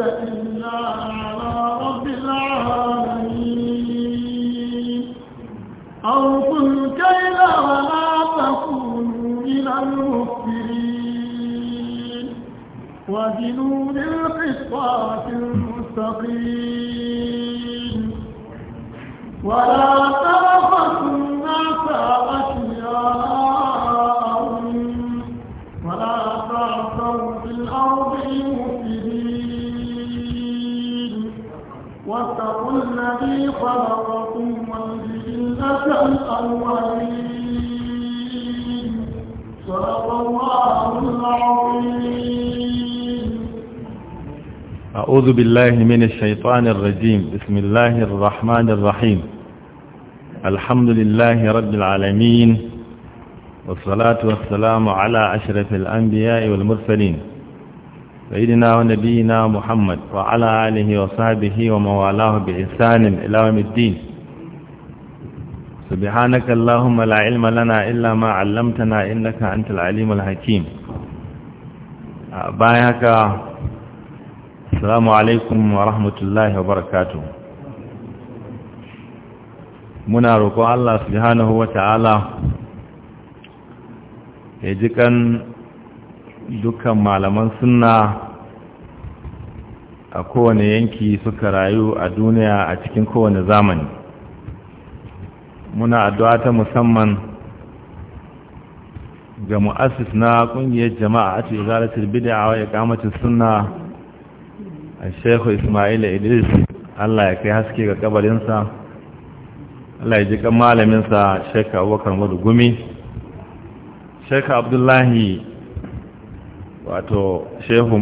that أعوذ بالله من الشيطان الرجيم بسم الله الرحمن الرحيم الحمد لله رب العالمين والصلاة والسلام على أشرف الأنبياء والمرسلين سيدنا ونبينا محمد وعلى آله وصحبه وموالاه بإحسان إلى يوم الدين سبحانك اللهم لا علم لنا إلا ما علمتنا إنك أنت العليم الحكيم بايعك السلام عليكم ورحمة الله muna roƙon Allah Su subhanahu wa ta'ala ya ji kan dukkan malaman sunna a kowane yanki suka rayu a duniya a cikin kowane zamani muna addu'a ta musamman ga mu'asis na ƙungiyar jama'a a cikin zaratar bida a wa ya sunna Sheikh Ismail Idris Allah ya kai haske ga kabarinsa Allah ya ji kan malaminsa Sheikh Abubakar Madugumi Sheikh Abdullahi wato shehu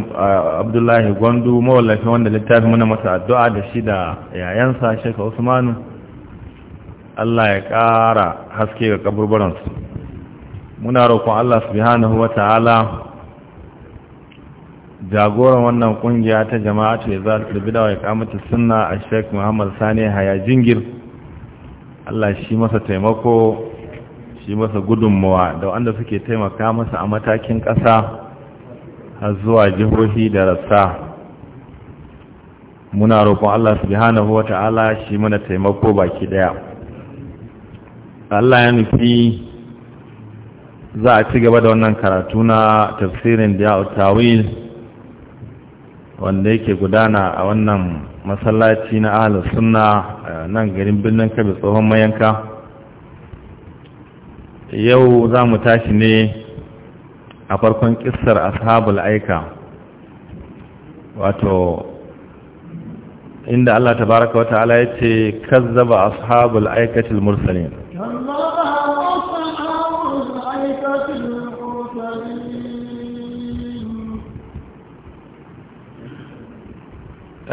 Abdullahi Gwandu mawallafi wanda littafi muna masa addu'a da shi da yayansa Sheikh Usmanu Allah ya ƙara haske ga kaburburansu muna roƙon Allah subhanahu wa ta'ala jagoran wannan kungiya ta jama'a ce za ta bida wa kamata sunna a sheik muhammad sani haya jingir allah shi masa taimako shi masa gudunmawa da wanda suke taimaka masa a matakin ƙasa har zuwa jihohi da rassa muna roƙon allah subhanahu wata'ala shi mana taimako baki daya allah ya nufi za a ci gaba da wannan karatu na tafsirin da ya wanda yake gudana a wannan masallaci na ahalar sunna nan garin birnin kabe tsohon mayanka yau za mu tashi ne a farkon kissar ashabul aika wato inda Allah tabaraka wa ta'ala ya ce kazzaba ashabul aikatil mursalin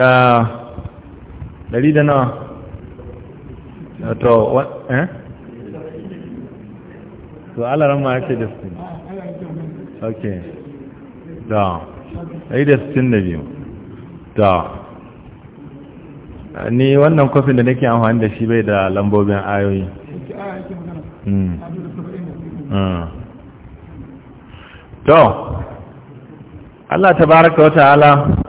Ah, dari da nawa to eh to alaran ma yake da su ok da ɗari da sittin da biyu da ni wannan kofin da nake amfani da shi bai da lambobin ayoyi hmm. Hmm. to Allah ta baraka wata ala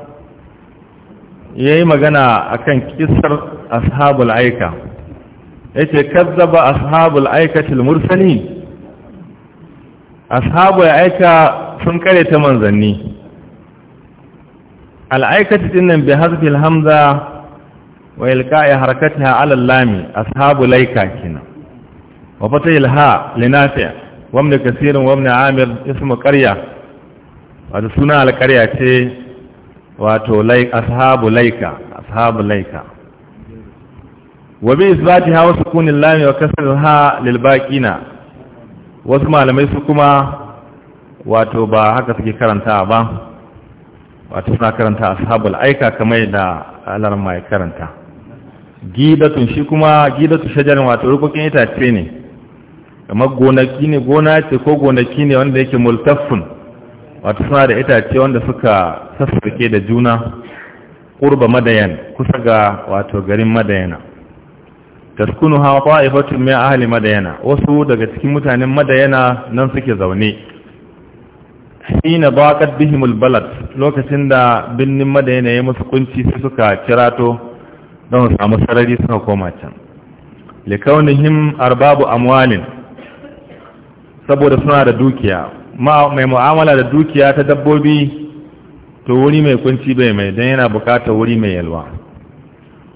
ya yi magana a kan kisar ashabul aika ya ce kazzaba ashabul aikatil mursali ashabul aika sun kare ta manzanni al'aikata din nan bi hasfil hamza wa ilqa'i harakatiha 'ala al-lami ashabul laika kina wa fatahil ha linafi wa ibn kasir wa ibn amir ismu qarya wa suna al-qarya ce wato ashabu laika ashabu laika wa bi isbatiha wa sukunin lam wa kasriha lil baqina wasu malamai su kuma wato ba haka suke karanta ba wato suna karanta ashabul aika kamar da alar mai karanta gidatun shi kuma gidatu shajarin wato rukukin itace ne kamar gonaki ne gona ce ko gonaki ne wanda yake multaffun wata suna da itace wanda suka sassake da juna ƙurba madayan kusa ga wato garin madayana taskunu hawa ƙwa'ifatun mai ahali madayana wasu daga cikin mutanen madayana nan suke zaune ba baƙar bihimul balad lokacin da birnin madayana ya musu kunci su suka to don samu sarari suka koma can likaunihim arbabu amwalin saboda suna da dukiya mai mu'amala da dukiya ta dabbobi to wuri mai kunci bai mai don yana bukatar wuri mai yalwa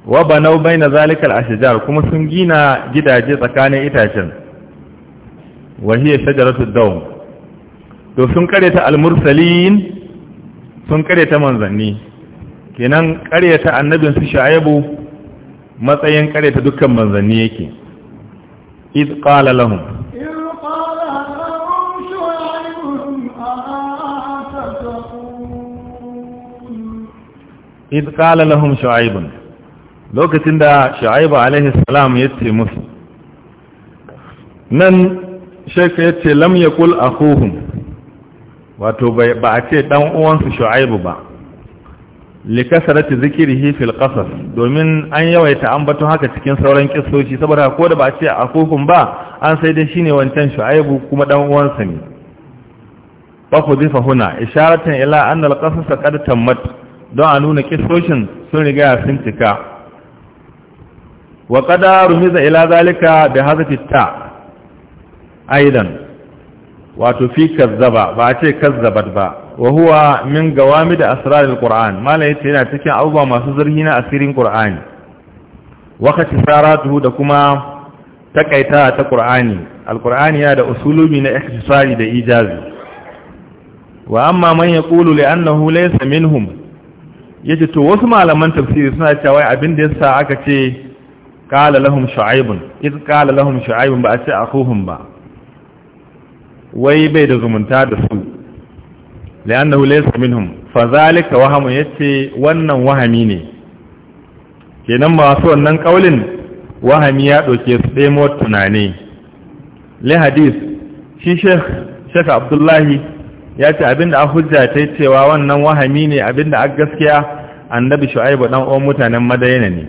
wa banau bai na zalikar ashijar kuma sun gina gidaje tsakanin itacen wahiyar shajaratu daun to sun karyata almursalin sun ta manzanni kenan ta annabin su sha'ibu matsayin ta dukkan manzanni yake iz qala lahum إذ قال lokacin da sha'aibu alaihissalam ya ce musu nan sheka ya ce lam ya kul a bai ba a ce uwansu sha'aibu ba likasarati zikirihi fil qasas domin an yawaita an bato haka cikin sauran kissoci saboda ko da ba a ce a ba an sai dai shine wancan shu'aibu kuma dan uwansa ne fa hudifa huna isharatan ila anna al qasas qad tammat don a nuna kisoshin sun riga sun cika wa kada rumiza ila zalika bi hazafi ta aidan wato fi kazzaba ba a ce kazzabat ba wa huwa min da asrar alquran malai yace yana cikin abubuwa masu zurhi na asirin ci tsara saratuhu da kuma takaita ta qur'ani alkur'ani yana da usulumi na ikisari da ijazi wa amma man yaqulu li annahu laysa minhum ce to wasu malaman tafsiri suna cewa abin da yasa aka ce qala lahum shu'aibun iz qala lahum shu'aibun ba a ce akhuhum ba wai bai da zumunta da su li'annahu laysa minhum fa zalika wahamu yace wannan wahami ne kenan masu wannan kaulin wahami ya doke su dai mu tunani li hadith shi sheikh sheikh abdullahi ya ce abinda a hujja ta cewa wannan wahami ne abinda a gaskiya annabi shu'aibu dan uwan mutanen madaina ne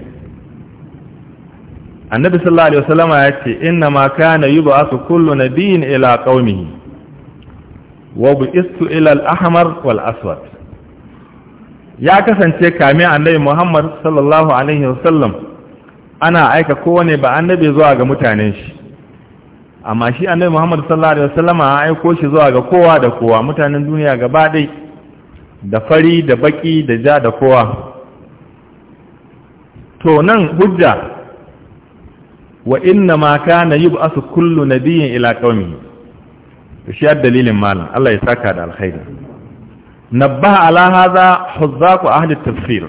annabi sallallahu alaihi wasallam ya ce inna ma kana yub'athu kullu nabiyyin ila qaumihi wa bu'istu ila al-ahmar wal aswad ya kasance kame annabi Muhammad sallallahu alaihi wasallam ana aika kowane ba annabi zuwa ga mutanen shi amma shi annabi Muhammad sallallahu alaihi wasallama a aiko shi zuwa ga kowa da kowa mutanen duniya gaba dai da fari da baki da ja da kowa to nan hujja wa inna ma kana yub'asu kullu nabiyyin ila qaumihi to shi dalilin malam Allah ya saka da alkhairi nabbaha ala hadha huzzaqu ahli tafsir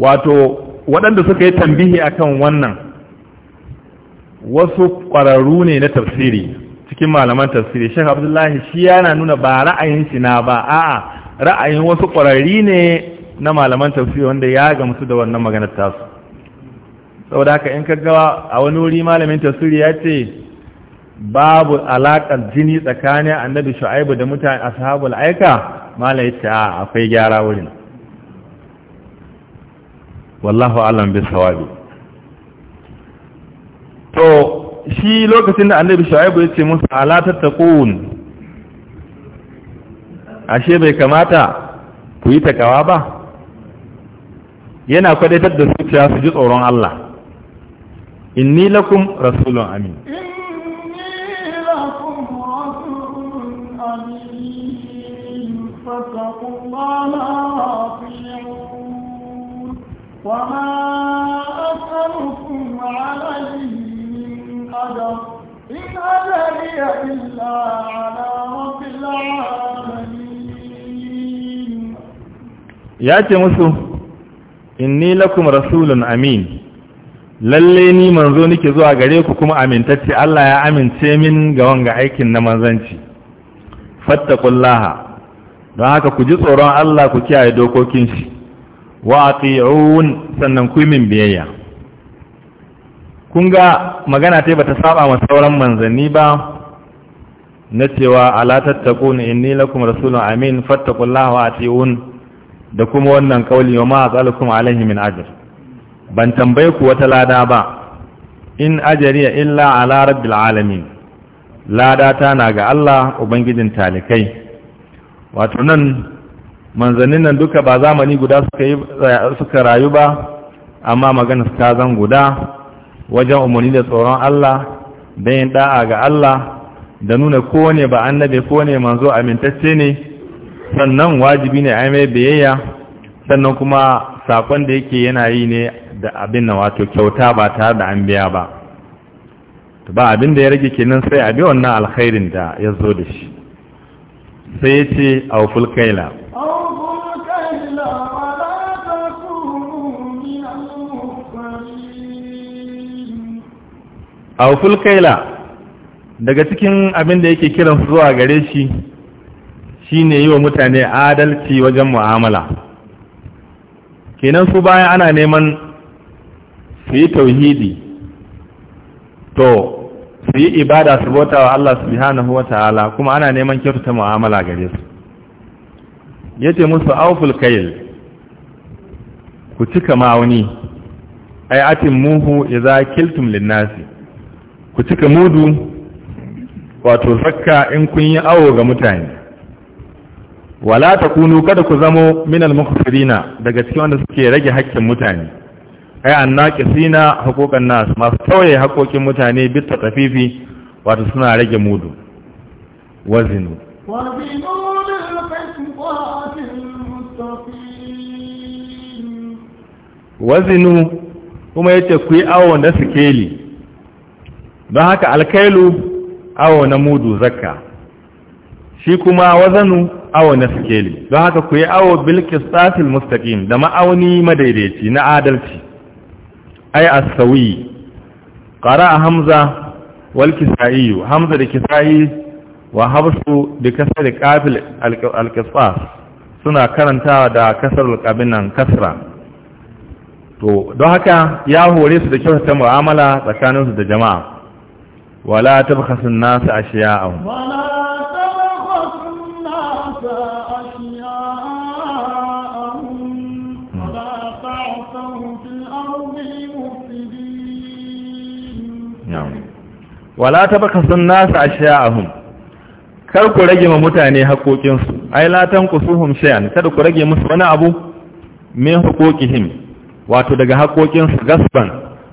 wato waɗanda suka yi tambihi akan wannan wasu ƙwararru ne na tafsiri cikin malaman tafsiri shek abdullahi shi yana nuna ba ra'ayin shi na ba a'a ra'ayin wasu ƙwararri ne na malaman tafsiri wanda ya gamsu da wannan maganar tasu saboda haka in kaggawa a wani wuri malamin tafsiri ya ce babu alaƙar jini tsakanin annabi shu'aibu da mutane ashabul aika malai ya ce a akwai gyara wurin wallahu alam bisawabi to shi lokacin da annabi shu'aibu ya ce musu ala tattaqun ashe bai kamata ku yi takawa ba yana kwadaitar da cewa su ji tsoron Allah inni lakum rasulun amin وما أسألكم عليه القدر إن أجلي إلا على رب العالمين مسو inni لكم rasulun amin lalle ni manzo nake zuwa gare ku kuma amintacce Allah ya amince min ga wanga aikin na manzanci fattaqullaha don haka ku ji tsoron Allah ku kiyaye dokokin shi wa ati'un sannan ku min biyayya kun ga magana ta bata ta saba ma sauran manzanni ba na cewa ala tattaqun inni lakum rasulun amin fattaqullaha a da kuma wannan kauli wa ma kuma alaihi min ajr ban tambaye ku wata lada ba in ajriya illa ala rabbil alamin lada ta na ga Allah ubangijin talikai wato nan manzannin nan duka ba zamani guda suka yi suka rayu ba amma magana ta zan guda wajen umarni da tsoron Allah da yin da'a ga Allah da nuna kowane ba annabi kowane manzo amintacce ne sannan wajibi ne a mai biyayya sannan kuma sakon da yake yana yi ne da abin na wato kyauta ba tare da an biya ba ba abin da ya rage kenan sai a bi wannan alkhairin da ya zo da shi sai ya ce a wufulkaila a fulkaila daga cikin abin da yake kiran su zuwa gare shi shine yi wa mutane adalci wajen mu'amala kenan su bayan ana neman su yi tauhidi to su yi ibada su bauta wa Allah subhanahu wa ta'ala kuma ana neman ta mu'amala gare su yace musu awful ku cika mawuni muhu ya za kiltum linnasi ku cika mudu wato zakka in kun yi awo ga mutane wala ta kunu kada ku zamo minal mukhsirina daga cikin wanda suke rage haƙƙin mutane ai an annaqisina hukukan nas masu tauye haƙoƙin mutane bi tafifi wato suna rage mudu wazinu wazinu kuma yace ku yi awon da sikeli don haka alkailu awo na mudu zakka shi kuma wazanu awo na sikeli don haka ku yi awo bilkistatil mustaqim da ma'auni madaidaici na adalci ay sauyi. sawi a hamza wal kisa'i hamza da kisa'i wa habsu da kasar da al suna karantawa da kasar al-qabinan kasra to don haka ya hore su da kyautata mu'amala tsakaninsu da jama'a wala تبخس الناس أشياءهم ولا wala الناس an-nas ashya'ahum wala ta'thahu wala kar ku rage ma mutane haƙoƙinsu ai la tanqusuhum shay'an kar ku rage musu wani abu min haƙoƙihim wato daga haƙoƙinsu gasban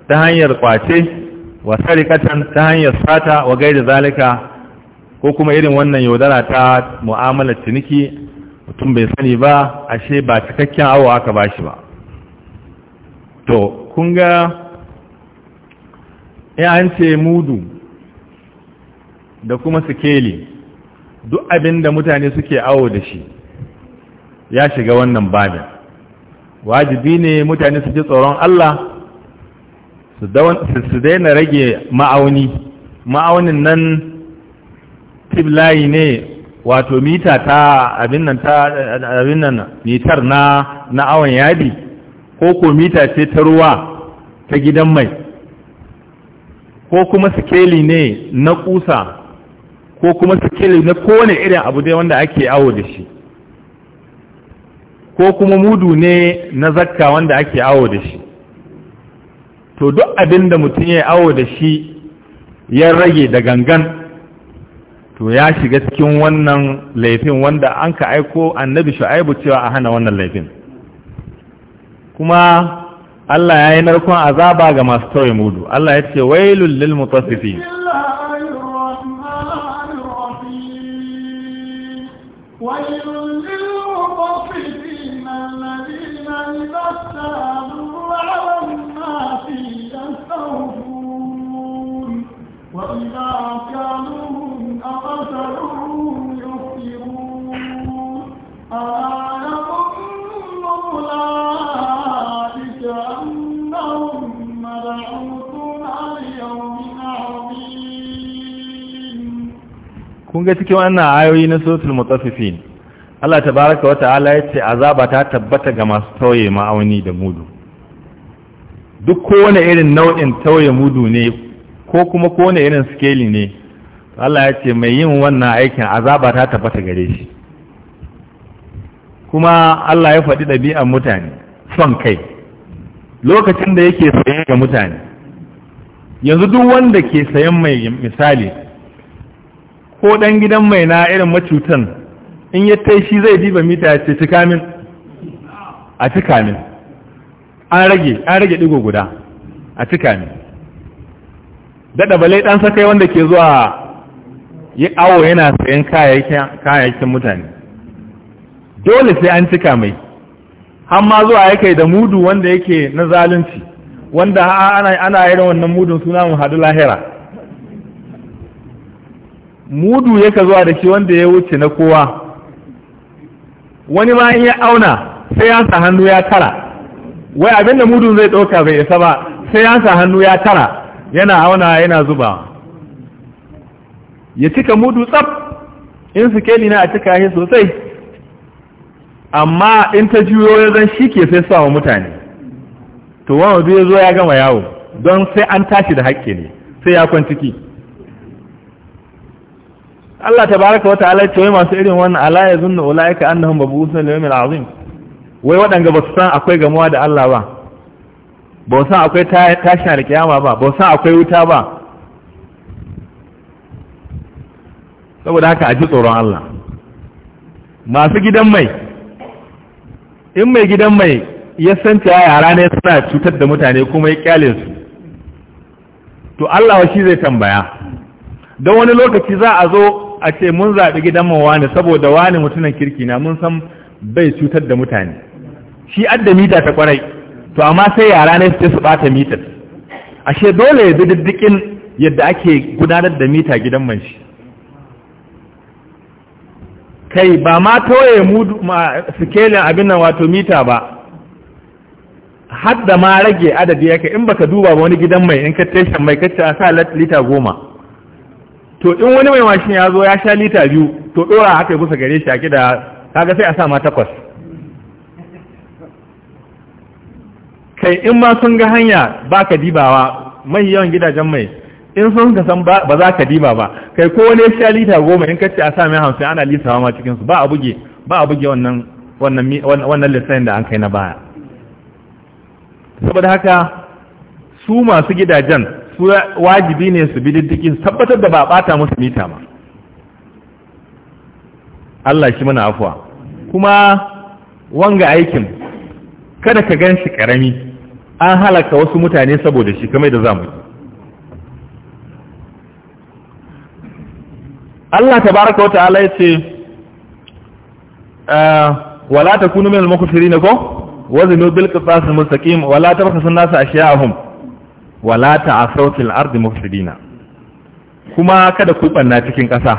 ta hanyar ƙwace. wa sarikatan ta hanyar sata wa gaida zalika ko kuma irin wannan yaudara ta mu'amalar ciniki mutum bai sani ba ashe ba cikakken awo aka ba shi ba to kun ga an ce mudu da kuma sikeli duk abinda mutane suke awo da shi ya shiga wannan babin wajibi ne mutane su ji tsoron Allah su daina rage ma'auni ma'aunin nan tiblayi ne wato mita ta abin nan mitar na na awon yadi ko ko mita ce ta ruwa ta gidan mai ko kuma sikeli ne na kusa ko kuma sikeli na kowane irin abu dai wanda ake awo da shi ko kuma mudu ne na zakka wanda ake awo da shi to duk abin da mutum ya awo da shi ya rage da gangan to ya shiga cikin wannan laifin wanda an ka aiko annabi shu'aibu cewa a hana wannan laifin kuma Allah ya yi narkon azaba ga masu tauye mudu Allah ya ce wailul lil mutasifin kun ga cikin wannan ayoyi na suratul mutaffifin Allah tabaaraka wa ta'ala yace azaba ta tabbata ga masu tauye ma'auni da mudu duk kowane irin nau'in tauye mudu ne ko kuma kowane irin skeli ne Allah ya ce mai yin wannan aikin azaba ta tabbata gare shi kuma Allah ya faɗi ɗabi'ar mutane son kai lokacin da yake saye ga mutane yanzu duk wanda ke sayan mai misali ko ɗan gidan mai na irin macutan in ya tai shi zai diba mita ce cika min a cika min an rage an rage digo guda a cika min daɗa balai ɗan sakai wanda ke zuwa yi awo yana sayan kayayyakin mutane dole sai an cika mai har ma zuwa ya kai da mudu wanda yake na zalunci wanda ana irin wannan mudun suna mu hadu lahira mudu yaka zuwa da shi wanda ya wuce na kowa wani ma ya auna sai ya hannu ya tara wai abinda mudu zai ɗauka bai isa ba sai ya hannu ya tara yana auna yana zuba ya cika mudu tsaf in su keli na a cika shi sosai amma in ta juyo ya zan shi ke sai sa wa mutane to wani zai zo ya gama yawo don sai an tashi da hakki ne sai ya kwanciki. ciki Allah ta baraka wata ala ce wai masu irin wannan ala ya zunna ulaika annahum mabusuna lil yawmil azim wai waɗanga ba su san akwai gamuwa da Allah ba ba san akwai tashin alkiyama ba ba san akwai wuta ba saboda haka a ji tsoron Allah masu gidan mai in mai gidan mai ya san cewa yara ne suna cutar da mutane kuma ya kyale su to Allah wa shi zai tambaya don wani lokaci za a zo a ce mun zaɓi gidanmu wani saboda wani mutunan kirki na mun san bai cutar da mutane shi adda mita ta kwarai to amma sai yara ne su su bata mitar ashe dole ya bi diddikin yadda ake gudanar da mita gidan man shi kai ba ma toye mudu sikelin abin nan wato mita ba hadda ma rage adadi yake in baka duba wani gidan mai in ka tashin mai kacce a sa lita goma to in wani mai mashin ya zo ya sha lita biyu to dora haka yi busa gare shi a kida kaga sai a sa ma takwas kai in ma sun ga hanya ba ka dibawa mai yawan gidajen mai in sun ka san ba za ka diba ba kai ko wani sha lita goma in ka ce a sa mai hamsin ana lisa ma cikinsu ba a buge ba a buge wannan wannan da an kai na baya saboda haka su masu gidajen su wajibi ne su bi diddikin tabbatar da ba bata musu mita ma Allah shi mana afuwa kuma wanga aikin kada ka gan shi karami an halaka wasu mutane saboda shi kamar da zamu Allah tabaraka wa ta'ala ce ah, wala takunu al mukhsirin ko wazinu bil qitas al mustaqim wala tabkhasu an-nasa ashya'ahum wala a sautin ardi mafisidina kuma kada ku cikin ƙasa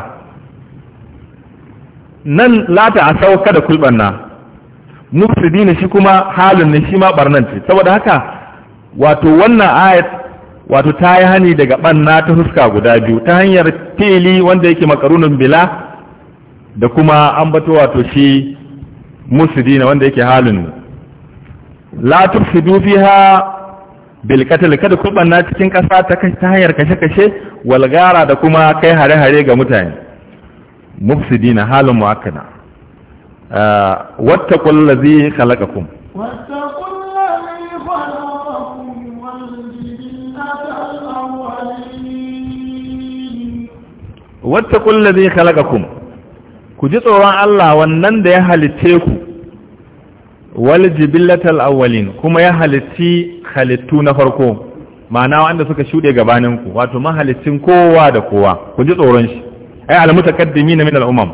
nan lata a sau kada ku banna mufsidina shi kuma halin ne shi ma ɓarnan ce saboda haka wato wannan ayat wato ta yi hani daga ɓanna ta huska guda biyu ta hanyar fili wanda yake makarunan bila da kuma an bato wato shi mafisidina wanda yake halin la tufsidu fiha bilkatil kada ku cikin ƙasa ta hanyar kashe-kashe walgara da kuma kai hare-hare ga mutane mufsidina halin mu'akkada ah, wattaqul ladzi khalaqakum wattaqul ladzi khalaqakum wal jinnata al-awwalin khalaqakum ku ji tsoron Allah wannan da ya halitte ku wal jibillatal awwalin kuma ya halitti halittu na farko ma'ana wanda suka shuɗe gabaninku wato mahalicin kowa da kowa ku ji tsoron shi ay al-mutaqaddimin min al-umam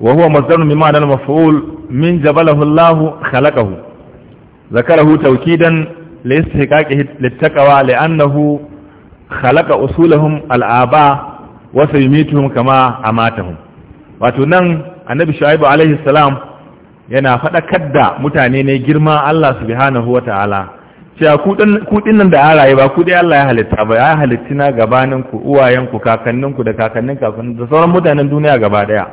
wa huwa masdarun mimma dal maf'ul min jabalahu Allah khalaqahu zakarahu tawkidan li istihqaqihi littaqwa li'annahu khalaqa usulahum al-aba wa sayumituhum kama amatahum wato nan annabi shu'aibu alaihi salam yana faɗakar da mutane ne girma Allah subhanahu wa ta'ala cewa kudin nan da ya rayu ba kudi Allah ya halitta ba ya halitti na ku kakannin ku da kakannin kakannin da sauran mutanen duniya gaba daya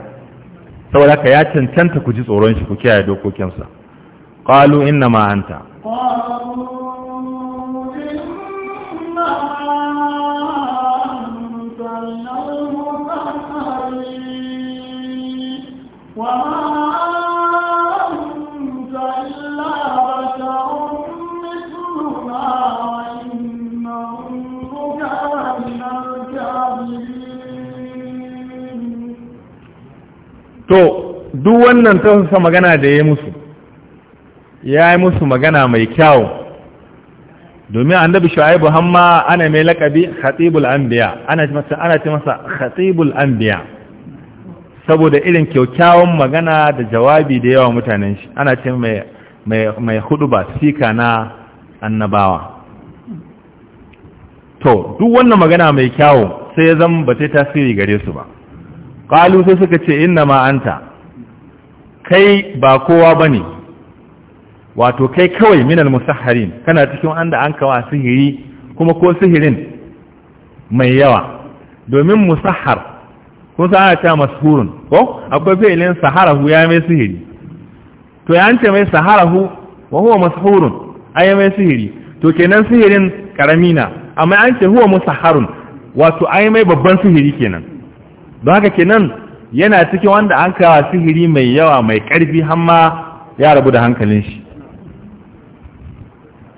saboda ka ya cancanta ku ji tsoron shi ku kiyaye dokokin sa qalu inna ma anta وما duk wannan tausasa magana da ya musu ya yi musu magana mai kyau domin annabi shu'aibu hamma ana mai lakabi khatibul anbiya ana ce masa ana ce masa anbiya saboda irin kyaukyawan magana da jawabi da yawa mutanen shi ana ce mai mai mai sika na annabawa to duk wannan magana mai kyau sai ya zama ba sai tasiri gare su ba qalu sai suka ce inna ma anta kai ba kowa ba ne wato kai kawai minal musaharin kana cikin wanda an kawa sihiri kuma ko sihirin mai yawa domin musahar kun sa ana cewa mashurun ko akwai fi'ilin saharahu ya mai sihiri to ya ce mai saharahu wa huwa mashurun ai mai sihiri to kenan sihirin karami na amma an ce huwa musaharun wato ai mai babban sihiri kenan don haka kenan yana cikin wanda an kawo sihiri mai yawa mai ƙarfi hamma ya rabu da hankalin shi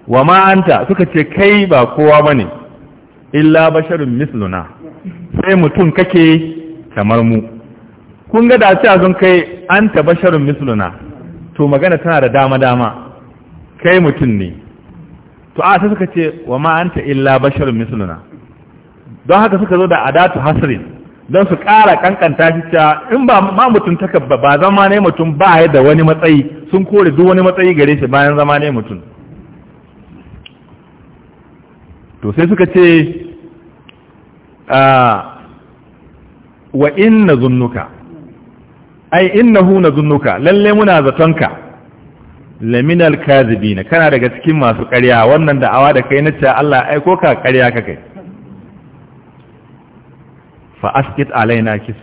wa ma'anta suka ce kai ba kowa ba ne illa basharun misluna sai mutum kake kamar mu kun ga da cewa sun kai an ta basharun misluna to magana tana da dama-dama kai mutum ne to a ta suka ce wa ma'anta illa basharun misluna don haka suka zo da adatu hasrin don su ƙara kankanta shi ta in ba ma mutum ta ba zama ne mutum ba ya da wani matsayi sun kore duk wani matsayi gare shi bayan zama ne mutum to sai suka ce wa inna zunnuka ai innahu na zunnuka lalle muna zatonka laminal kazibina kana daga cikin masu ƙarya wannan da'awa da kai na ce Allah aiko ka ƙarya ka kai fa علينا alaina sai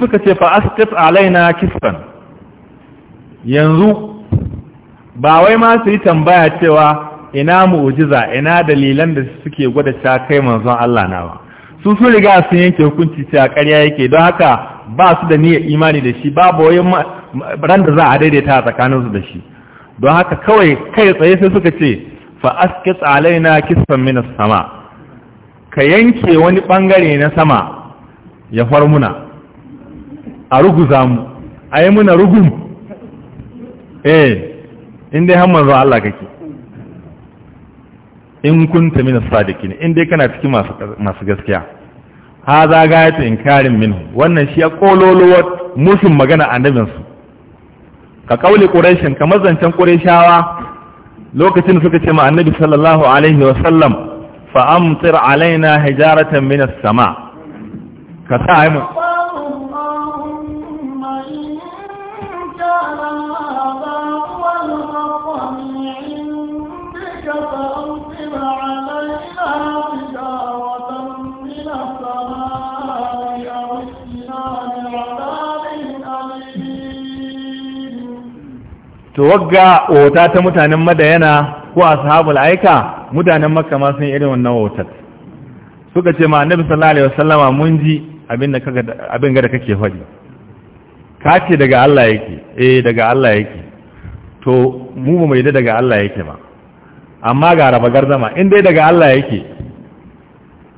suka ce fa asqit alaina kisfan yanzu ba wai ma su yi tambaya cewa ina mu'jiza ina dalilan da suke gwada ta kai manzon Allah na ba su sun riga sun yanke hukunci cewa ƙarya yake don haka ba su da niyyar imani da shi babu wayan ran da za a daidaita a tsakaninsu da shi don haka kawai kai tsaye sai suka ce fa askis alaina kisfan min sama ka yanke wani bangare na sama ya far muna a ruguza mu ayi muna rugum eh inda har manzo Allah kake in kunta min sadiki ne in dai kana cikin masu gaskiya ta in karin min. wannan shi ya kololowa musun magana a su ka kauli quraishin ka mazancen ƙurashawa. lokacin da suka ce ma annabi sallallahu alaihi wa sallam fa alaina hijaratan min as-sama ka sa to wagga wauta ta mutanen madayana ko ashabul aika mutanen makka ma sun irin wannan wautar suka ce ma annabi sallallahu alaihi wasallama mun ji abin da kaga abin ga da kake faɗi ka ce daga Allah yake eh daga Allah yake to mu ba mai daga Allah yake ba amma ga raba gardama in dai daga Allah yake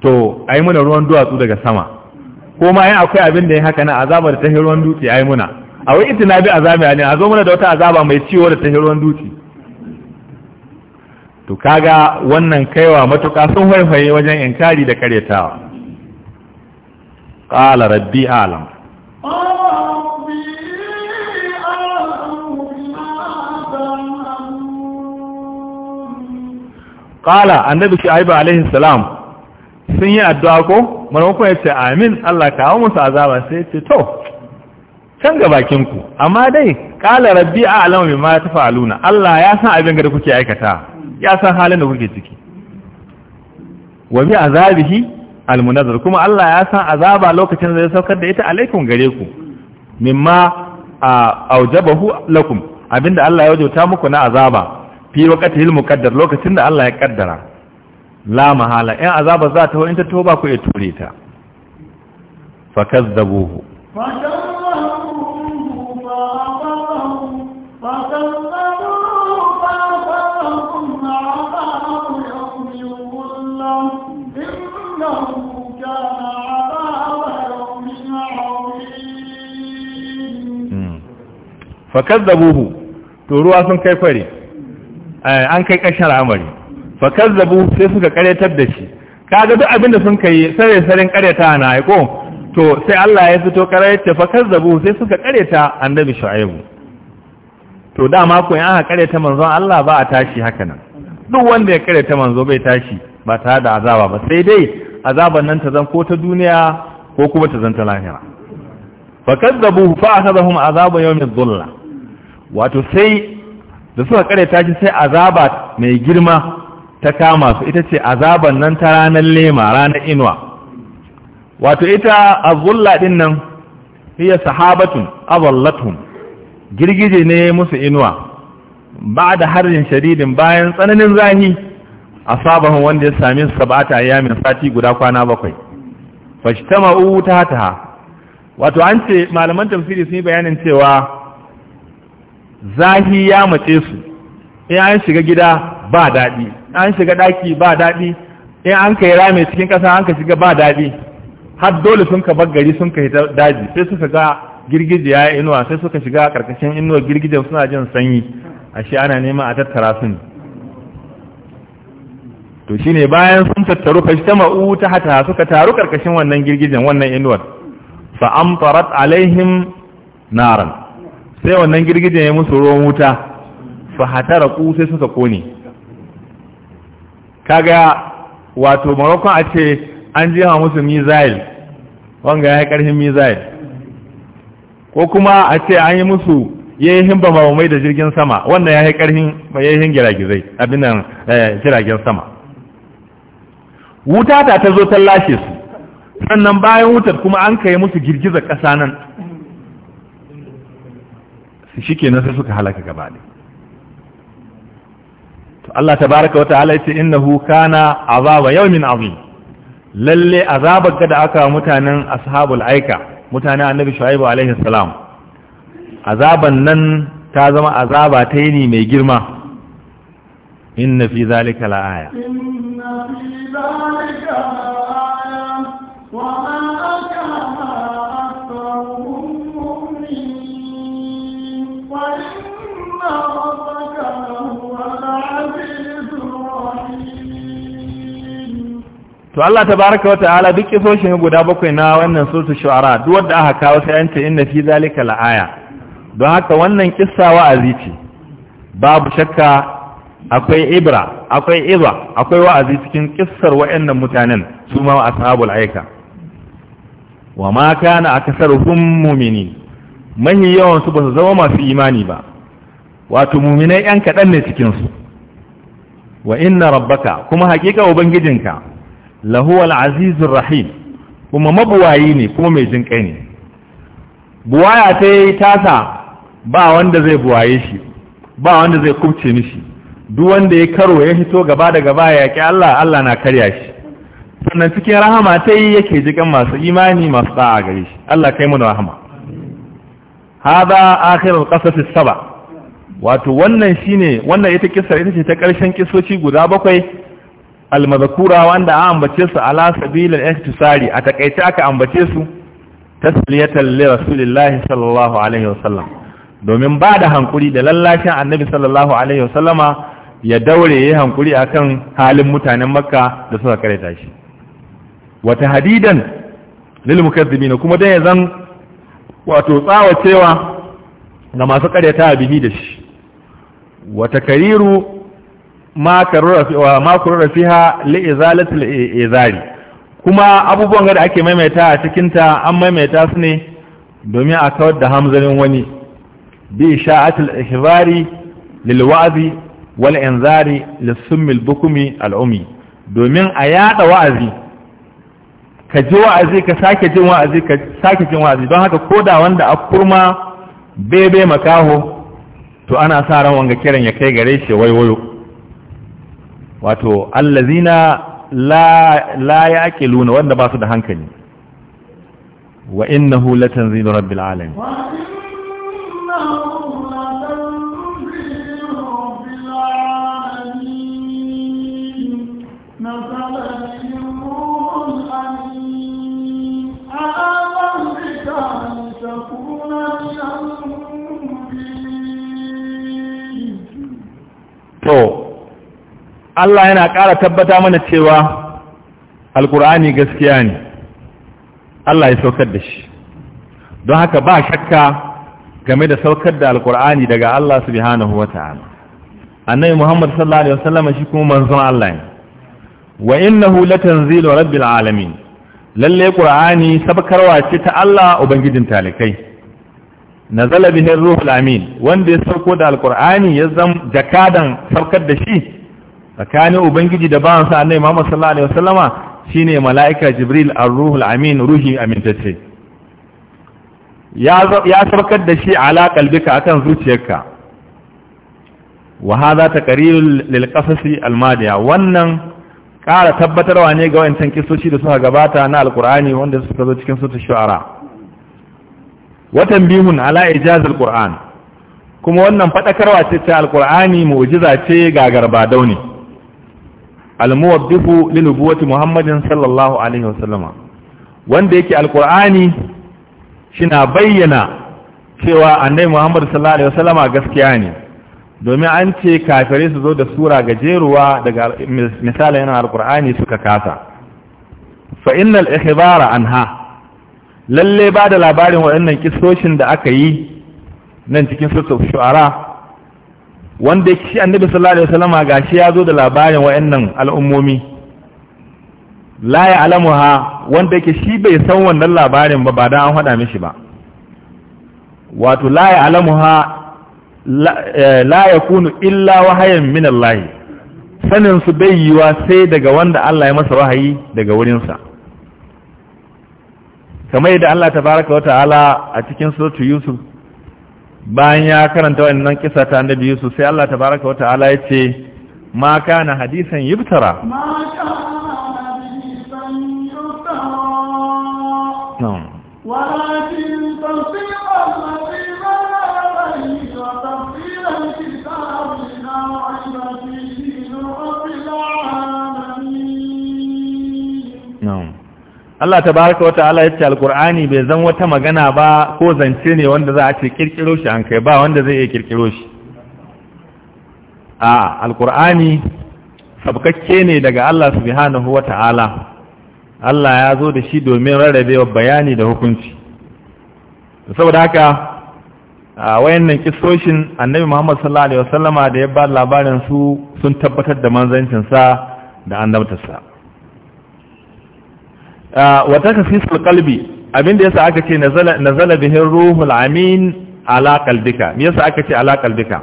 to ai muna ruwan duwatsu daga sama ko ma yin akwai abin da ya haka na azabar ta ruwan dutse ai muna a wai na bi azami ne a zo mana da wata azaba mai ciwo da ta ruwan duci to kaga wannan kaiwa matuka sun haifaye wajen kari da karyatawa qala rabbi alam qala annabi shu'aib alaihi salam sun yi addu'a ko manakon ya ce amin Allah kawo musu azaba sai ce to can ga ku. amma dai ƙala rabbi a alama ma ta faluna Allah ya san abin da kuke aikata ya san halin da kuke ciki wa bi azabihi almunazar kuma Allah ya san azaba lokacin da zai saukar da ita alaikum gare ku mimma aujabahu lakum abinda Allah ya wajauta muku na azaba fi waqtihil muqaddar lokacin da Allah ya kaddara la mahala in azaba za ta in ta toba ku ya ture ta fakazzabuhu fakazzabuhu fa kazzabuhu to ruwa sun kai fari, eh, an kai kashar amari fa kazzabu sai suka karyatar da shi kaga duk abin da sun kai sare saren karyata na aiko to sai Allah ya fito karyata fa sai suka karyata annabi shu'aibu to dama ko in karyata manzon Allah ba a tashi haka nan duk wanda ya karyata manzo bai tashi ba tare da azaba ba sai dai azaban nan ta zan ko ta duniya ko kuma ta zan ta lahira fa kazzabu fa akhadhahum azabu yawmi dhullah wato sai da suka ta shi sai azaba mai girma ta kama su ita ce azaban nan ta ranar lema ranar inuwa wato ita azulla din nan hiya sahabatun aballatun, girgije ne musu inuwa ba da harin shadidin bayan tsananin A sabahun wanda ya sami su yi yamin sati guda kwana bakwai fashtama'u ta ta wato an ce malaman tafsiri sun yi bayanin cewa zahi ya mace su in an shiga gida ba daɗi an shiga ɗaki ba daɗi in an kai rami cikin ƙasa an ka shiga ba daɗi har dole sun ka bar gari sun ka hita daji sai suka ga girgije ya inuwa sai suka shiga ƙarƙashin inuwa girgije suna jin sanyi A shi ana neman a tattara su ne to shi ne bayan sun tattaru fashtama'u ta ta hata suka taru ƙarƙashin wannan girgijen wannan inuwar fa amtarat alaihim naran sai wannan girgijen ya musu ruwan wuta fa hatara ku sai suka kone kaga wato marakon a ce an jiha musu mizail wanga ya karhin mizail ko kuma a ce an yi musu yayin ba mai da jirgin sama wannan ya yi karhin yayin giragizai abin nan eh, jiragen sama wuta ta ta zo ta lashe su sannan bayan wutar kuma an kai musu girgizar ƙasa nan shi kenan sai suka halaka gaba ne Allah baraka wata ala yace innahu kana azaba yawmin azim lalle azabar gada aka mutanen ashabul aika mutanen annabi shuaibu a.s. azaban nan ta zama azaba ta ne mai girma inna fi zalika laaya inna fi zalika laaya wa to Allah tabaraka wa ta'ala duk kisoshin guda bakwai na wannan sulhu shu'ara duk wanda aka kawo sai an ce inna fi zalika la'aya don haka wannan kissa wa'azi ce babu shakka akwai ibra akwai iza akwai wa'azi cikin kissar wayannan mutanen su ma ashabul aika wa ma kana aksaruhum mu'minin mahi yawan su ba su zama masu imani ba wato muminai yan kaɗan ne cikinsu wa inna rabbaka kuma haƙiƙa ubangijinka lahuwal azizun rahim kuma mabuwayi ne kuma mai jin ƙai ne buwaya ta yi tasa ba wanda zai buwaye shi ba wanda zai kubce mishi duk wanda ya karo ya hito gaba da gaba ya ƙi Allah Allah na karya shi sannan cikin rahama ta yi yake jikan masu imani masu a gari shi Allah kai mu da rahama hada saba wato wannan shine wannan ita kissar ita ce ta ƙarshen kisoci guda bakwai almazakura wanda an ambace su ala sabilil ihtisari a takaice aka ambace su tasliyatan li rasulillahi sallallahu alaihi wasallam domin ba da hankuri da lallashin annabi sallallahu alaihi wasallama ya daure yayi hankuri kan halin mutanen makka da suka karanta shi wata hadidan lil mukazzibin kuma dan ya zan wato tsawacewa ga masu karyata bihi da shi wata kariru ma kurura fiha li izalatul izari kuma abubuwan da ake maimaita a cikinta an maimaita su ne domin a kawar da hamzarin wani bi sha'atul ihbari lil wa'zi wal inzari lis bukumi al domin a yada wa'azi ka ji wa'azi ka sake jin wa'azi ka sake jin wa'azi don haka koda wanda a kurma bebe makaho to ana sa ran wanga kiran ya kai gare shi waiwayo wato allazina la la yaqiluna wanda ba su da hankali wa innahu latanzilu rabbil alamin Allah yana ƙara tabbata mana cewa Alƙur'ani gaskiya ne Allah ya saukar da shi don haka ba shakka game da saukar da Alƙur'ani daga Allah subhanahu wata'ala annabi Muhammad sallallahu alaihi wasallam shi kuma manzon Allah ne wa innahu latanzilu rabbil alamin lalle qur'ani sabkarwa ce ta Allah ubangijin talikai nazala bihi ruhul amin wanda ya sauko da alkur'ani ya zam jakadan saukar da shi tsakanin ubangiji da bawansa annabi Muhammad sallallahu alaihi wasallama shine mala'ika Jibril ar-ruhul amin ruhi amintacce ya sarkar da shi ala qalbika akan zuciyarka wa hadha taqrir lil qasasi al-madiya wannan ƙara tabbatarwa ne ga wancan kisoci da suka gabata na Alƙur'ani wanda suka zo cikin sutu shu'ara watan bihun ala ijazul qur'an kuma wannan fadakarwa ce ta Alƙur'ani mu'jiza ce ga garba dauni almuwaddifu li nubuwati muhammadin sallallahu alaihi wasallam wanda yake alqur'ani shina bayyana cewa annabi muhammad sallallahu alaihi wasallama gaskiya ne domin an ce kafirai su zo da sura gajeruwa daga misalin yana alqur'ani suka kasa fa innal ikhbara anha lalle ba da labarin waɗannan kissoshin da aka yi nan cikin sura shu'ara wanda ya kishi annabi sallallahu alaihi wasallam gashi ya zo da labarin wayannan al'ummomi la ya'lamuha wanda yake shi bai san wannan labarin ba ba dan an hada mishi ba wato la ya'lamuha la eh, yakunu illa wahayan min Allah sanin su bai yiwa sai daga wanda Allah ya masa wahayi daga wurin sa kamar yadda Allah tabaaraka wa ta'ala a cikin suratul yusuf bayan ya karanta wannan kisa ta annabi Yusuf sai Allah tabaraka wata'ala ya ce ma kana hadisan yubtara ma kana hadisan yubtara Allah ta baraka wa ta'ala ce alkur'ani bai zan wata magana ba ko zance ne wanda za a ce kirkiro shi an kai ba wanda zai iya kirkiro shi a alkur'ani sabkakke ne daga Allah subhanahu wa ta'ala Allah ya zo da shi domin rarrabe wa bayani da hukunci saboda haka a wayannan kisoshin annabi Muhammad sallallahu alaihi wasallama da ya ba labarin su sun tabbatar da manzancinsa sa da annabtarsa wa takfisul qalbi abinda yasa aka ce nazala nazala bihi ruhul amin ala qalbika me yasa aka ce ala qalbika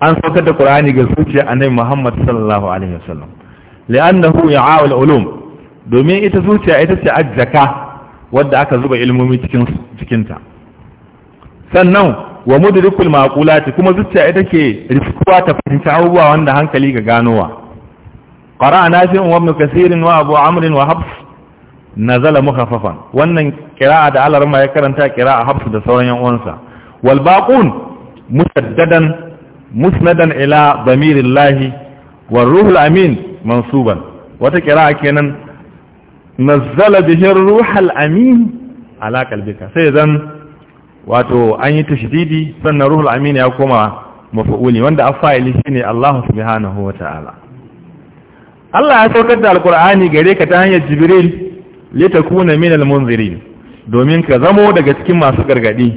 an saukar da qur'ani ga zuciya annabi Muhammad sallallahu alaihi wasallam li'annahu ya'awul ulum domin ita zuciya ita ce ajjaka wadda aka zuba ilmomi cikin cikinta sannan wa mudrikul maqulati kuma zuciya ita ke riskuwa ta fahimci abubuwa wanda hankali ga ganowa qara'a nafi'un wa ibn kasirin wa abu amrin wa habs nazala mukhaffafan wannan qira'a da alarma ya karanta qira'a hafsu da sauran yan uwansa wal baqun musaddadan musnadan ila dhamirillahi war ruhul amin mansuban wata qira'a kenan nazala bihi ruhul amin ala qalbika sai zan wato an yi tashdidi sannan ruhul amin ya koma mafu'uli wanda afa'ili shine Allah subhanahu wa ta'ala Allah ya saukar da alqur'ani gare ka ta hanyar jibril litakuna min almunzirin domin ka zamo daga cikin masu gargadi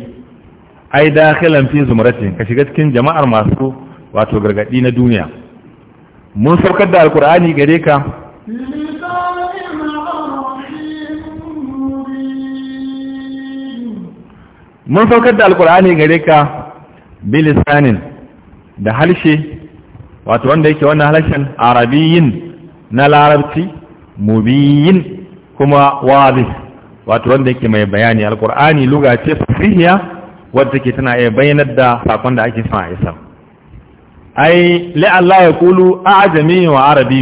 ai dakhilan fi zumratin ka shiga cikin jama'ar masu wato gargadi na duniya mun saukar da alkur'ani gare ka mun saukar da harshe, gare ka bilisanin da halshe wato wanda yake wannan halshen arabiyin na larabci mubiyin kuma wadih wato wanda yake mai bayani alkur'ani luga ce sahihiya wadda take tana iya bayyanar da sakon da ake son a isa ai la Allah ya kulu a'jami wa arabi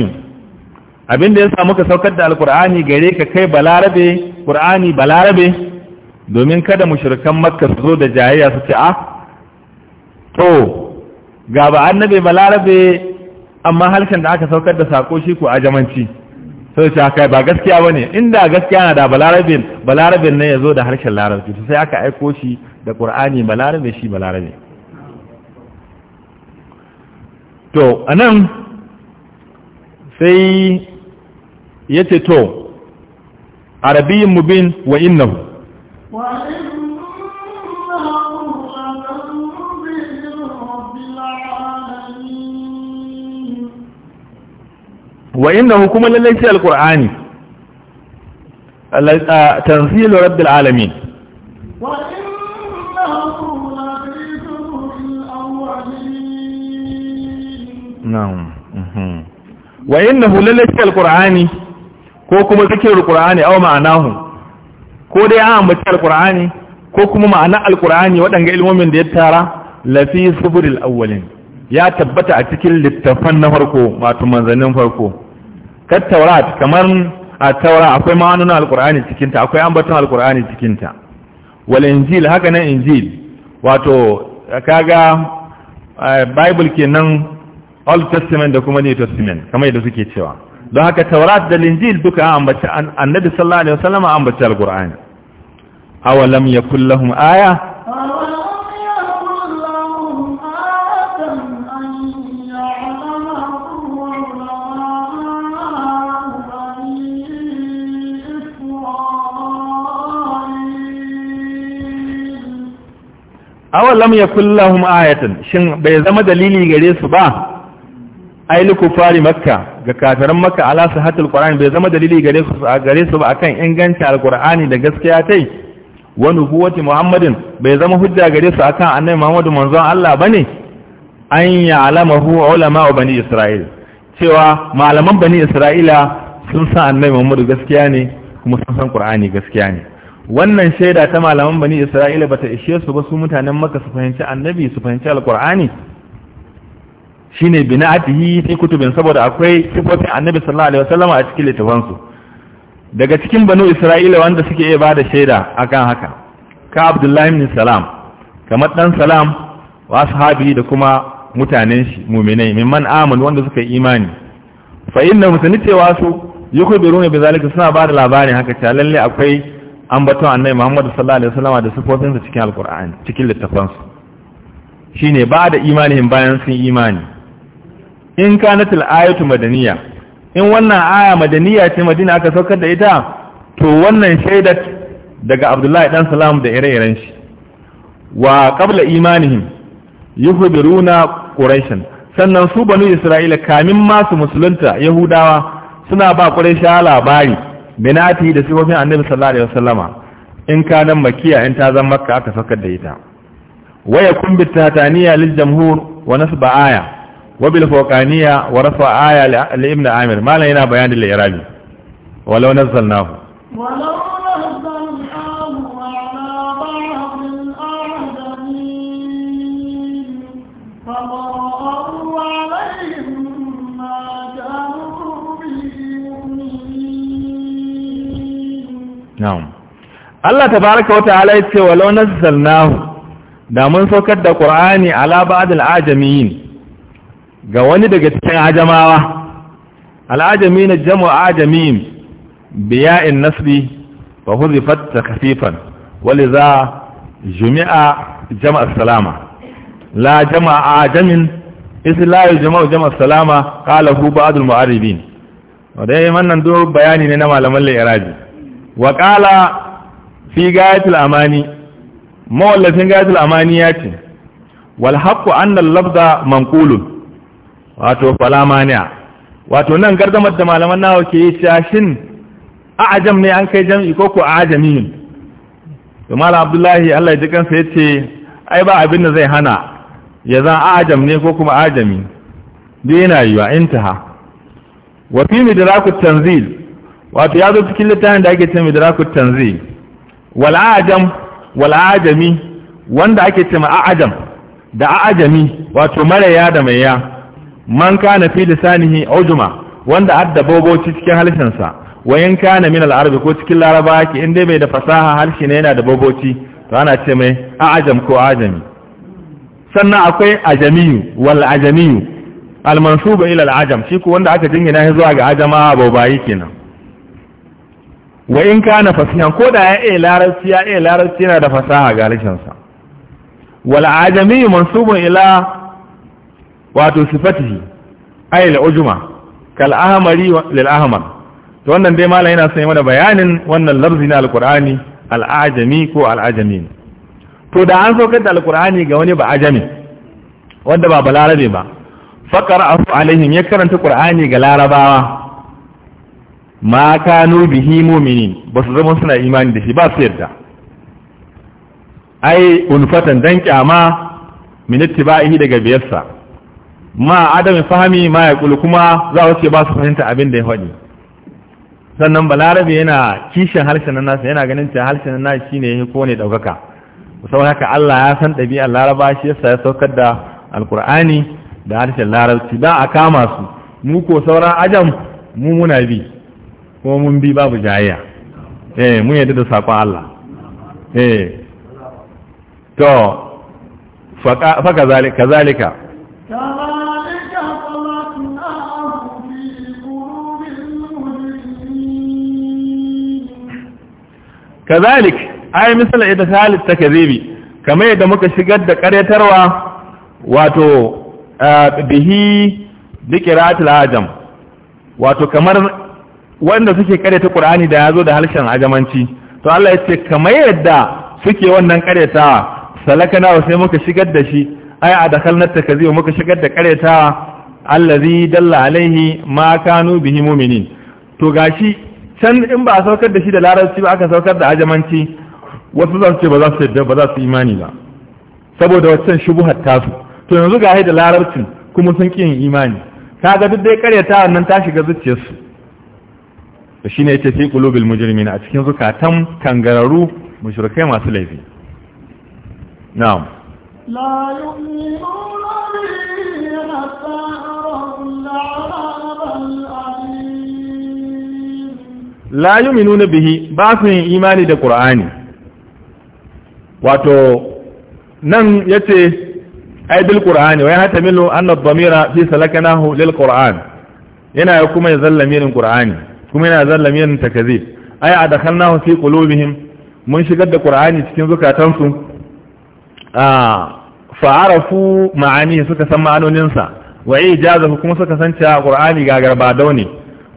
abinda yasa muka saukar da alkur'ani gare ka kai balarabe qur'ani balarabe domin kada mushrikan makka su zo da jahiliya su ce a ah, to ga ba annabi balarabe amma halkan da aka saukar da sako shi ko ajamanci sai ce aka ba gaskiya ba ne inda gaskiya na da balarabin balarabin na ya zo da harshen larabci sai aka aiko shi da ƙur'ani balarabe shi balarabe to a nan sai ya ce to arabiyin mubin wa innahu wa innahu wa innahu kuma lallai shi alqur'ani tanzilu rabbil alamin wa innahu lazikrul na'am mhm. wa lallai shi alqur'ani ko kuma zikrul qur'ani aw ma'anahu ko dai an ambaci alqur'ani ko kuma ma'ana alqur'ani waɗanga ilmomin da ya tara lafi suburil awwalin ya tabbata a cikin littafan na farko wato manzannin farko kattaurat kamar a taura akwai ma'anunan alkur'ani cikinta akwai ambaton alkur'ani cikinta wal injil haka nan injil wato kaga bible kenan old testament da kuma new testament kamar yadda suke cewa don haka taurat da injil duka an ambaci annabi sallallahu alaihi wasallam an ambaci alkur'ani awalam yakul lahum aya awa lam yakul lahum ayatan shin bai zama dalili gare su ba ai li kufari makka ga kafiran makka ala sahatul qur'ani bai zama dalili gare su gare su ba akan ingancin alqur'ani da gaskiya tai wa nubuwati muhammadin bai zama hujja gare su akan annabi muhammadu manzon Allah bane an ya'lamahu ulama bani isra'il cewa malaman bani isra'ila sun san annabi muhammadu gaskiya ne kuma sun san qur'ani gaskiya ne wannan shaida ta malaman bani isra'ila bata ishe su ba su mutanen maka su fahimci annabi su fahimci alqur'ani shine atihi fi kutubin saboda akwai sifofin annabi sallallahu alaihi wasallam a cikin littafansu daga cikin banu isra'ila wanda suke iya bada shaida akan haka ka abdullahi ibn salam kamar dan salam wa ashabi da kuma mutanen shi mu'minai mimman amanu wanda suka yi imani fa inna mutani su yukubiruna bi zalika suna bada labarin haka ta lalle akwai an bato annai muhammadu sallallahu alaihi wasallama da su cikin alkur'ani cikin littafansu shine ba da imanihim bayan sun imani in kanatul ayatu madaniya in wannan aya madaniya ce madina aka saukar da ita to wannan shaidat daga abdullahi dan salam da ire-iren shi wa qabla imanihim yuhbiruna quraishan sannan su banu isra'ila kamin masu musulunta yahudawa suna ba quraisha labari binati da sifofin annabi sallallahu alaihi wasallama in ka nan makiya in ta zan makka aka fakar da ita waya kun bi tataniya lil jamhur wa nasba aya wa bil fawqaniya wa rafa aya li ibn amir malan yana bayanin al-irabi walau nazzalnahu walau na'am Allah tabaraka wa ta'ala ya ce walau nazzalnahu da mun saukar da Qur'ani ala ba'd al-ajamiin ga wani daga cikin ajamawa al-ajamiin jamu ajamiin biya'in nasbi fa hudifat takfifan waliza jumi'a jama'a salama la jama'a ajamin is la yujma'u jama'a salama qala hu ba'd al-mu'arribin wadai wannan do bayani ne na malaman al wa qala fi gayatul amani mawallafin gayatul amani ya ce wal haqqu anna al-lafza manqulun wato fala mani'a wato nan gardamar da malaman nawa ke yi shashin a'ajam ne an kai jam'i ko ko a'ajamiyin to malam abdullahi Allah ya ji kansa yace ai ba abin da zai hana ya zan a'ajam ne ko kuma a'ajami duk yana yiwa intaha wa fi midrakut tanzil wato ya zo cikin littafin da ake ce midrakut tanzi wal ajam wal ajami wanda ake ce ma ajam da ajami wato maraya da mai ya man kana fi lisanihi ujma wanda adda boboci cikin harshen sa wayan kana min al arabi ko cikin laraba yake inda bai da fasaha harshe ne yana da boboci to ana ce mai ajam ko ajami sannan akwai ajami wal ajami al mansub ila al ajam shi ko wanda aka jingina zuwa ga ajama babayi kenan wa in na fasihan ko da ya iya larabci ya iya larabci yana da fasaha ga harshensa wal ajami mansubun ila wato sifatihi ay al ujma kal ahmari lil ahmar to wannan dai malai yana son mana bayanin wannan lafzi na alqur'ani al ajami ko al ajami to da an saukar da alqur'ani ga wani ba ajami wanda ba balarabe ba fakara alaihim ya karanta qur'ani ga larabawa ma kanu bihi mu'minin ba su zama suna imani da shi ba su yarda ai ulfatan dan kyama min ittiba'ihi daga biyarsa ma adam fahimi ma ya kulu kuma za su ba su fahimta abin da ya faɗi sannan balarabe yana kishin harshen nan nasa yana ganin cewa harshen nan shi ne ya ko daukaka musamman haka Allah ya san ɗabi'ar laraba shi yasa ya saukar da alkur'ani da harshen larabci ba a kama su mu ko sauran ajam mu muna bi kuma mun bi babu jayayya eh mun yadda da sakon Allah eh to fa kazalika kazalika kazalik ai misala ita talit takzibi kamar yadda muka shigar da karyatarwa wato bihi dikiratul ajam wato kamar wanda suke karyata Qur'ani da yazo da harshen ajamanci to Allah ya ce kamar yadda suke wannan karyatawa salakana sai muka shigar da shi ai a dakalna takazi muka shigar da karyatawa allazi dalla alaihi ma kanu bihi mu'minin to gashi can in ba a saukar da shi da larabci ba aka saukar da ajamanci wasu zan ce ba za su yadda ba za su imani ba saboda wannan shubuhar tasu to yanzu ga da larabcin kuma sun kiyin yin imani kaga duk dai karyata nan ta shiga zuciyarsu ne shine ce fi qulubil na a cikin zukatan kangararu mushrikai masu laifi na'am la yu'minuna bihi bihi ba su yin imani da qur'ani wato nan yace ai bil qur'ani hata yahtamilu anna ad-damira fi salakanahu lil qur'an yana kuma ya zalla mirin qur'ani kuma yana zallam yan takazib ay adkhalnahu fi qulubihim mun shigar da qur'ani cikin zukatansu ah fa'arafu ma'ani suka san ma'anonin sa wa ijazahu kuma suka san cewa qur'ani ga garba daune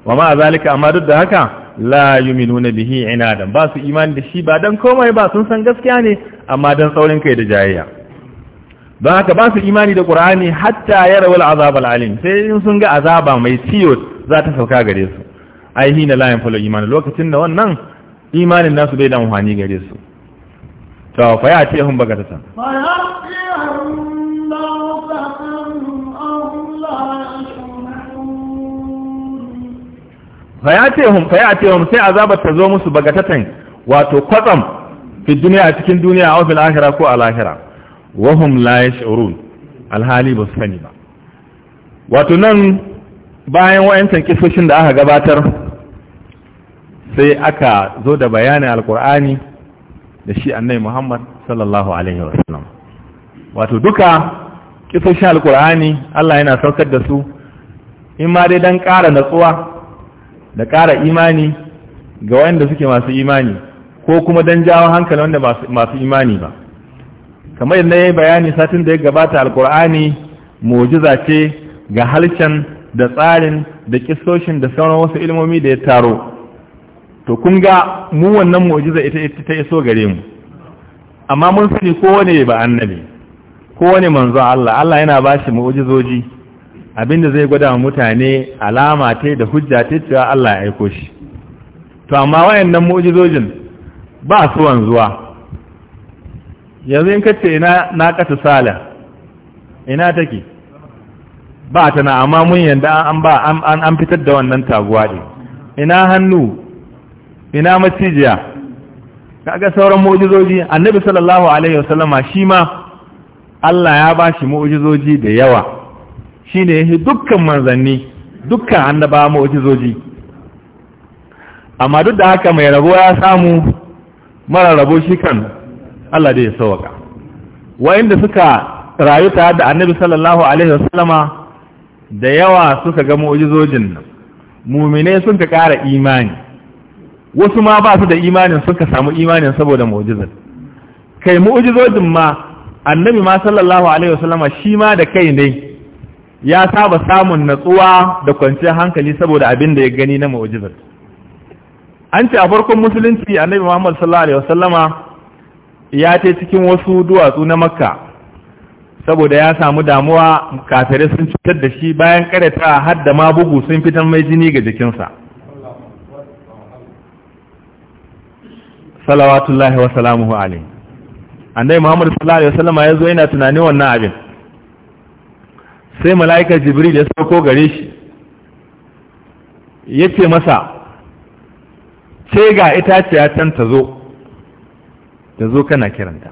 wa ma zalika amma duk da haka la yu'minuna bihi inadan ba su imani da shi ba dan komai ba sun san gaskiya ne amma dan saurin kai da jayayya don haka ba su imani da qur'ani hatta yarawul azab alim sai in sun ga azaba mai ciyo za ta sauka gare su ai na layin falon imanin lokacin da wannan imanin nasu bai da amfani gare su to fa ya ce hun baga ta san fa ya ce hun fa ya ce hun sai azabar ta zo musu baga bagatatan wato kwatsam fi duniya a cikin duniya a wafin lahira ko a lahira wahum la yash'urun alhali ba su sani ba wato nan bayan wayancan kisoshin da aka gabatar sai aka zo da bayanin alkur'ani da shi annai muhammad sallallahu alaihi wasallam wato duka kisoshin alkur'ani allah yana saukar da su in ma dai don ƙara natsuwa da ƙara imani ga wanda suke masu imani ko kuma dan jawo hankali wanda masu imani ba kamar yadda ya yi bayani satin da ya gabata alkur'ani mujiza ce ga halshen da tsarin da kisoshin da sauran wasu ilmomi da ya taro to kun ga mu wannan mu'jiza ita ita ta iso gare mu amma mun sani kowane ba annabi kowane manzo Allah Allah yana ba shi mu'jizoji abinda zai gwada mutane alama ta da hujja ta cewa Allah ya aiko shi to amma wayannan mu'jizojin ba su wanzuwa yanzu in kace ina na kasa sala ina take ba ta na amma mun yanda an ba an fitar da wannan taguwa din ina hannu ina macijiya kaga sauran mu'jizoji annabi sallallahu alaihi wasallama shi ma Allah ya ba shi mu'jizoji da yawa shine yake dukkan manzanni dukkan annaba mu'jizoji amma duk da haka mai rabo ya samu mara rabo shi kan Allah da ya sauka wa'inda suka rayu tare da annabi sallallahu alaihi wasallama da yawa suka ga mu'jizojin nan mu'mine sun ka kara imani wasu ma ba su da imanin suka samu imanin saboda mu'jizar kai mu'jizojin ma annabi ma sallallahu alaihi wasallama shi ma da kai ne ya saba samun natsuwa da kwanciyar hankali saboda abin da ya gani na mu'jizar an ce a farkon musulunci annabi Muhammad sallallahu alaihi wasallama ya ce cikin wasu duwatsu na makka saboda ya samu damuwa kafirai sun cutar da shi bayan karata har da ma bugu sun fitan mai jini ga jikinsa salawatullahi wa salamuhu alaihi annai muhammad sallallahu alaihi sallama ya zo yana tunanin wannan abin sai mala'ikar jibril ya sauko gare shi ya ce masa ce ga itaciya can ta zo ta zo kana kiranta